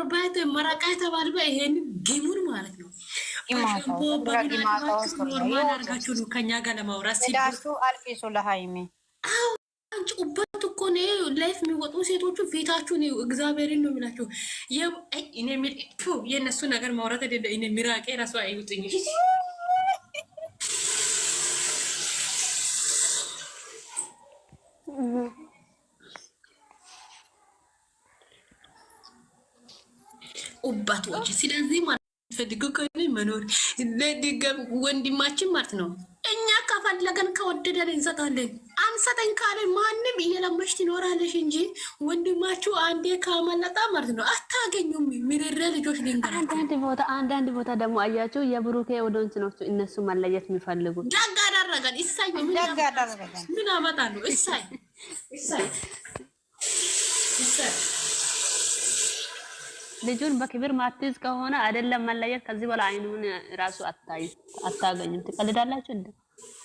ርባይቶ መረቃ የተባልበ ይሄን ጊሙን ማለት ነው። በሸንቦ በሚናቸው ኖርማል ነው ከኛ ጋር ለማውራት ሲዳሱ አልፊሱ ለሃይሜ ጭቁበት እኮ ነ ላይፍ የሚወጡ ሴቶቹ ነው። እግዚአብሔርን ነው የሚላቸው። የእነሱ ነገር ማውራት ደ ሚራቄ ራሱ አይውጥኝ ቁባቶች። ስለዚህ ማለት ፈልግ ከሆነ መኖር ወንድማችን ማለት ነው። እኛ ከፈለገን ከወደደን እንሰጣለን። አንሰጠኝ ካለ ማንም እየለመሽ ትኖራለሽ እንጂ ወንድማችሁ አንዴ ካመለጣ ማለት ነው አታገኙም። ምርረ ልጆች ልንገር፣ አንዳንድ ቦታ አንዳንድ ቦታ ደግሞ አያችሁ የብሩኬ ወደንስ ነው እነሱ መለየት የሚፈልጉ ደግ አደረገን። እሳይ ምን አመጣ ነው እሳይ እሳይ እሳይ ልጁን በክብር ማትይዝ ከሆነ አይደለም መለየት፣ ከዚህ በላይ አይኑን ራሱ አታይ አታገኙም። ትቀልዳላችሁ እንዴ!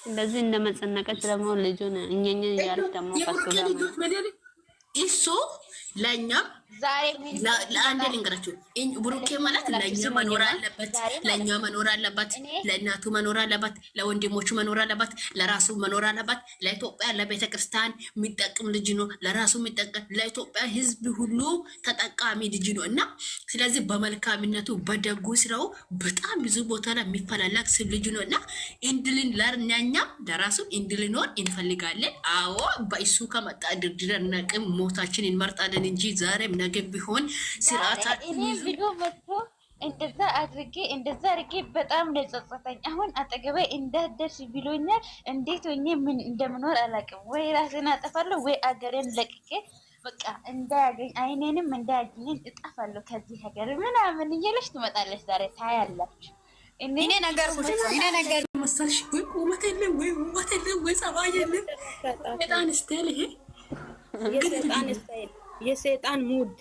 እንደዚህ እንደመጸነቀች ደግሞ ልጁን እኛኛ እያለች ደግሞ ከሱ ጋር እሱ ለኛ ለአንድ ልንገራችሁ፣ ብሩኬ ማለት ለእኛ መኖር አለበት፣ ለእኛ መኖር አለበት፣ ለእናቱ መኖር አለበት፣ ለወንድሞቹ መኖር አለበት፣ ለራሱ መኖር አለበት። ለኢትዮጵያ ለቤተክርስቲያን የሚጠቅም ልጅ ነው። ለራሱ የሚጠቅም ለኢትዮጵያ ሕዝብ ሁሉ ተጠቃሚ ልጅ ነው እና ስለዚህ በመልካምነቱ በደጉ ስራው በጣም ብዙ ቦታ ላይ የሚፈላለግ ስብ ልጅ ነው እና እንድልን ለእኛም ለራሱ እንድልኖር እንፈልጋለን። አዎ በእሱ ከመጣ ድርድር ነቅም ሞታችን እንመርጣለን እንጂ ዛሬ ነገር ቢሆን ስርዓት እንደዛ አድርጌ እንደዛ አድርጌ በጣም ነው የጸጸተኝ። አሁን አጠገባይ እንዳደርስ ብሎኛል። እንዴት ሆኜ ምን እንደምኖር አላውቅም። ወይ ራሴን አጠፋለሁ ወይ አገሬን ለቅቄ በቃ እንዳያገኝ አይኔንም እንዳያገኘን እጠፋለሁ ከዚህ ሀገር ምናምን እየለች ትመጣለች። ዛሬ ታያላችሁ። እኔ ነገር እኔ ነገር መሰልሽ ወይ ቁመት የለም ወይ ውበት የለም ወይ ጸባይ የለም። በጣም ስታይል ይሄ ግን የሰይጣን ሙድ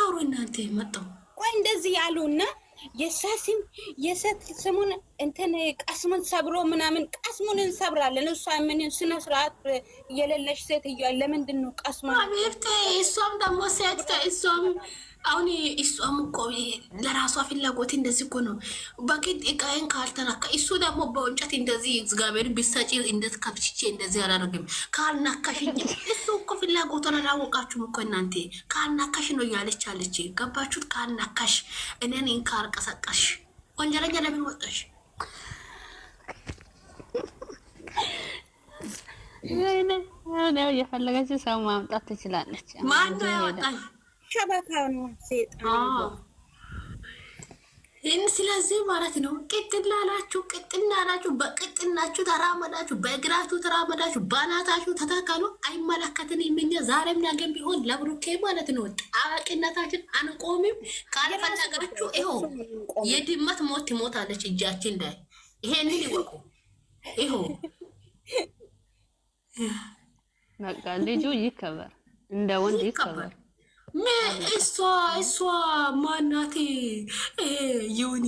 አውሩ እናንተ መጣው ቆይ እንደዚህ ያሉና የሳሲም የሰት ስሙን እንትን ቀስሙን ሰብሮ ምናምን ቀስሙን እንሰብራለን። እሷ ምን ስነ ስርዓት የሌለሽ ሴትዮዋ ለምንድን ነው ቀስሙ? እሷም ደግሞ ሴት እሷም አሁን እሷም እኮ ለራሷ ፍላጎት እንደዚህ እኮ ነው። በግድ እቃዬን ካልተናካ እሱ ደግሞ በወንጨት እንደዚህ እግዚአብሔር ቢሰጪ እንደት ከፍቼ እንደዚህ አላደርግም። ካልናካሽኝ እሱ እኮ ፍላጎቷን አላወቃችሁም እኮ እናንተ። ካልናካሽ ነው እያለች አለች። ገባችሁት? ካልናካሽ እኔን ካልቀሰቀሽ ወንጀለኛ ለምን ወጣሽ? የፈለገች ሰው ማምጣት ትችላለች። ማን ያወጣሽ? ሴጣን ይህን ስለዚህ ማለት ነው። ቅጥና ናችሁ፣ ቅጥና ናችሁ፣ በቅጥናችሁ ተራመዳችሁ፣ በእግራችሁ ተራመዳችሁ፣ በናታችሁ ተተከሉ። አይመለከትን የምኛ ዛሬም ነገም ቢሆን ለብሩኬ ማለት ነው። ጣዋቂነታችን አንቆምም። የድመት ሞት ትሞታለች እጃችን ላይ። ይሄንን ይወቁ። በቃ ልጁ ይከበር፣ እንደ ወንድ ይከበር። እሷ እሷ ማናቴ ዩኒ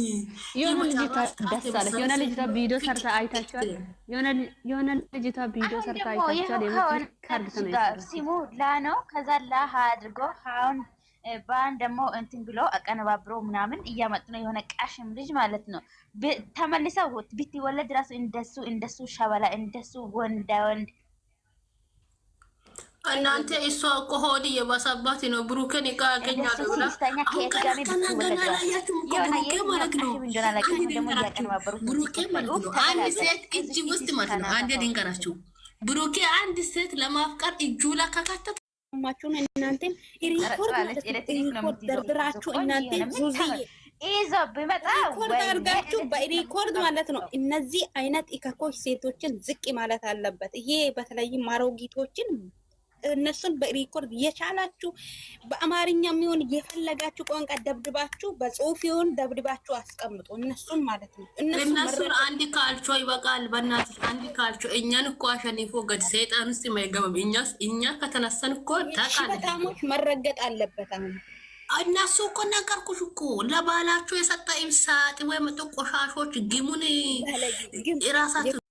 የሆነ ልጅቷ ደስ አለች። የሆነ ልጅቷ ቪዲዮ ሰርታ አይታችኋል። የሆነ ልጅቷ ቪዲዮ ሰርታ አይታችኋል። ሲሙ ላ ነው። ከዛ ላ አድርጎ አሁን ባን ደግሞ እንትን ብሎ አቀነባብሮ ምናምን እያመጡ ነው። የሆነ ቃሽም ልጅ ማለት ነው። ተመልሰው ብትወለድ ራሱ እንደሱ እንደሱ ሸበላ እንደሱ ወንዳ ወንድ እናንተ እሷ እኮ ሆድ እየባሰባት ነው። ብሩክን እቃ ያገኛሉ ብላ አሁን ብሩኬ አንድ ሴት እጅ ውስጥ ማለት ነው። አንዴ ድንገራችሁ ብሩኬ አንድ ሴት ለማፍቀር እጁ ላካካተት ማችሁን እናንተ ሪኮርድ እናንተ ዙዝዬ ይዞ ቢመጣ አድርጋችሁ በሪኮርድ ማለት ነው። እነዚህ አይነት ኢከኮች ሴቶችን ዝቅ ማለት አለበት። ይሄ በተለይም አሮጊቶችን እነሱን በሪኮርድ እየቻላችሁ በአማርኛ የሚሆን እየፈለጋችሁ ቋንቋ ደብድባችሁ በጽሁፍ ይሁን ደብድባችሁ አስቀምጡ። እነሱን ማለት ነው። እነሱን አንድ ካልቾ ይበቃል። በእናትሽ አንድ ካልቾ እኛን እኮ አሸኒፎ ገድ ሰይጣን ውስጥ የማይገባም እኛ ከተነሰን እኮ በጣሞች መረገጥ አለበት። አሁን እነሱ እኮ ነገርኩሽ እኮ ለባላችሁ የሰጠ ኢምሳጢ ወይም ጥቆሻሾች ግሙን ራሳቸው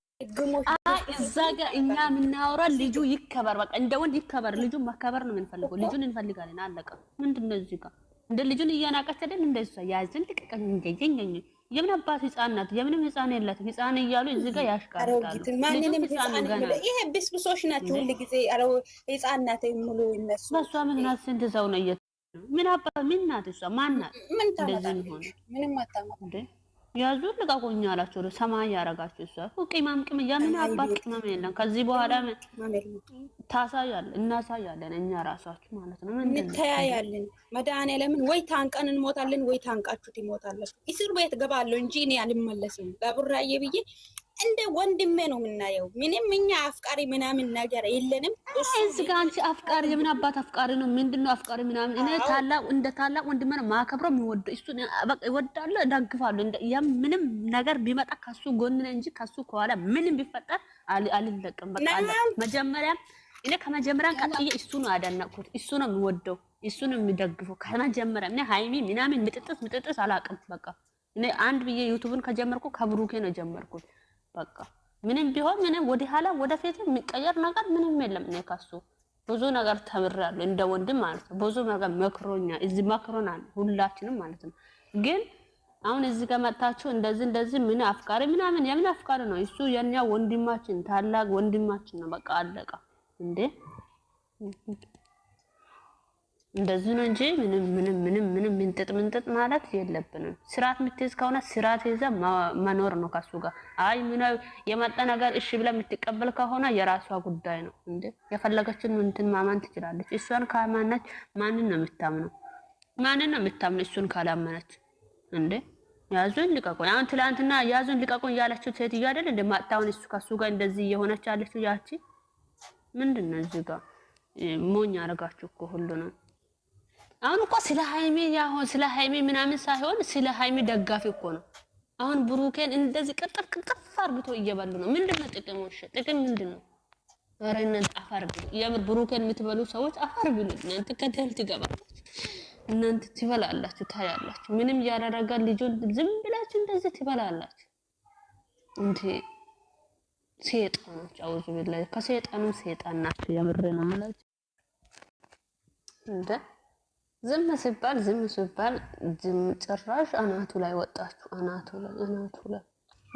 እዛ ጋር እኛ የምናወራ ልጁ ይከበር፣ በቃ እንደ ወንድ ይከበር። ልጁን መከበር ነው የምንፈልገው። ልጁን እንፈልጋለን። አለቀ። ምንድን ነው እዚህ ጋር እንደ ልጁን እያናቀች አይደል? እንደ እሷ ያዝን ልቀቀኝ። እንገኘኝ የምን አባት ህፃን ናት? የምንም ህፃን የላትም። ህፃን እያሉ እዚህ ጋር ያሽቃርቃሉ። ይሄ ብስብሶች ናቸው ሁልጊዜ ህፃን ናት የሚሉ እነሱ። በእሷ ምክንያት ስንት ሰው ነው እየ ምን አባ ምን ናት እሷ? ማን ናት እንደዚህ ሆነ? ምንም አታማ ያዙ ልቃቆኛ አላቸው። ወደ ሰማይ ያረጋችሁ እሷ ቅማም ቅም ያምን አባት ቅመም የለም። ከዚህ በኋላ ታሳያለን እናሳያለን፣ እኛ ራሳችሁ ማለት ነው እንተያያለን። መድኃኒዓለምን ወይ ታንቀን እንሞታለን ወይ ታንቃችሁት ትሞታላችሁ። እስር ቤት ገባለሁ እንጂ እኔ አልመለስም። ጋብራዬ ብዬ እንደ ወንድሜ ነው የምናየው። ምንም እኛ አፍቃሪ ምናምን ነገር የለንም። እዚጋ አንቺ አፍቃሪ የምን አባት አፍቃሪ ነው? ምንድን ነው አፍቃሪ ምናምን? እኔ ታላቅ እንደ ታላቅ ወንድሜ ነው ማከብረው፣ የሚወደው እሱ እወዳለሁ፣ እደግፋለሁ። ምንም ነገር ቢመጣ ከሱ ጎን ነኝ እንጂ ከሱ ከኋላ ምንም ቢፈጠር አልለቅም። በቃ መጀመሪያ እኔ ከመጀመሪያ ቀጥዬ እሱ ነው አደነቅኩት። እሱ ነው የሚወደው፣ እሱ ነው የሚደግፈው ከመጀመሪያ። እኔ ሀይሚ ምናምን ምጥጥስ ምጥጥስ አላውቅም። በቃ እኔ አንድ ብዬ ዩቱብን ከጀመርኩ ከብሩኬ ነው ጀመርኩት። በቃ ምንም ቢሆን ምንም ወደ ኋላ ወደፊት የሚቀየር ነገር ምንም የለም። እኔ ከሱ ብዙ ነገር ተምሬያለሁ፣ እንደ ወንድም ማለት ነው። ብዙ ነገር መክሮኛ እዚህ መክሮናል፣ ሁላችንም ማለት ነው። ግን አሁን እዚህ ከመጣችሁ እንደዚህ እንደዚህ ምን አፍቃሪ ምናምን የምን አፍቃሪ ነው እሱ? የኛ ወንድማችን ታላቅ ወንድማችን ነው። በቃ አለቃ እንዴ እንደዚህ ነው እንጂ ምንም ምንም ምንም ምንም ምንጥጥ ምንጥጥ ማለት የለብንም። ስርዓት የምትይዝ ከሆነ ስርዓት ይዘ መኖር ነው ከሱ ጋር። አይ ምን የመጣ ነገር እሺ ብለ የምትቀበል ከሆነ የራሷ ጉዳይ ነው እንዴ። የፈለገችን እንትን ማማን ትችላለች። እሷን ካላመነች ማንን ነው የምታምነው? ማንን ነው የምታምነው? እሱን ካላመነች እንዴ። ያዙን ልቀቁን። አሁን ትላንትና ያዙን ልቀቁን እያለችው ሴትዮ እያደል እንደ ማጣውን እሱ ከሱ ጋር እንደዚህ እየሆነች ያለችው ያቺ ምንድን ነው እዚህ ጋር ሞኝ አደረጋችሁ እኮ ሁሉ ነው አሁን እኮ ስለ ሃይሚ ያሁን ስለ ሃይሚ ምናምን ሳይሆን ስለ ሃይሚ ደጋፊ እኮ ነው። አሁን ብሩኬን እንደዚህ ቅጥፍ ቅጥፍ አርግቶ እየበሉ ነው። ምንድነው ጥቅሙ? እሺ ጥቅም ምንድነው? ኧረ እናንተ አፈር ብሉ። የምር ብሩኬን የምትበሉ ሰዎች አፈር ብሉ። እናንተ ከደል ትገባላችሁ። እናንተ ትበላላችሁ፣ ታያላችሁ። ምንም ያደረጋ ልጁን ዝም ብላችሁ እንደዚህ ትበላላችሁ። እንት ሴጣኖች፣ አውዙ ቢላሂ ከሰይጣኑ ሰይጣን ናችሁ። የምር ነው ማለት እንዴ ዝም ሲባል ዝም ሲባል ዝም ጭራሽ አናቱ ላይ ወጣችሁ። አናቱ ላይ አናቱ ላይ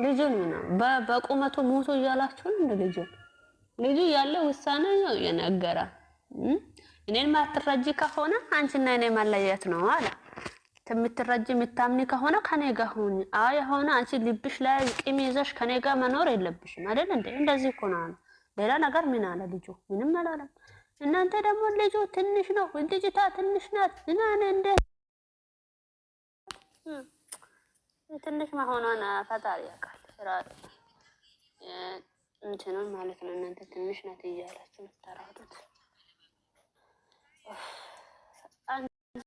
ልጁን ምናምን በቁመቱ ሞቶ እያላችሁ እንደ ልጁ ልጁ ያለ ውሳኔ ነው የነገረ እኔን ማትረጂ ከሆነ አንቺና እኔ መለየት ነው አለ። የምትረጂ የምታምኒ ከሆነ ከኔ ጋር ሁኚ። አይ የሆነ አንቺ ልብሽ ላይ ቂም ይዘሽ ከኔ ጋር መኖር የለብሽም አይደል እንዴ? እንደዚህ እኮ ነው ሌላ ነገር ምን አለ ልጁ? ምንም አላለም። እናንተ ደግሞ ልጁ ትንሽ ነው፣ ልጅቷ ትንሽ ናት። እናን እንደ ትንሽ መሆኗን ፈጣሪ ያውቃል። እንትኑን ማለት ነው። እናንተ ትንሽ ናት እያላችሁ የምታራዱት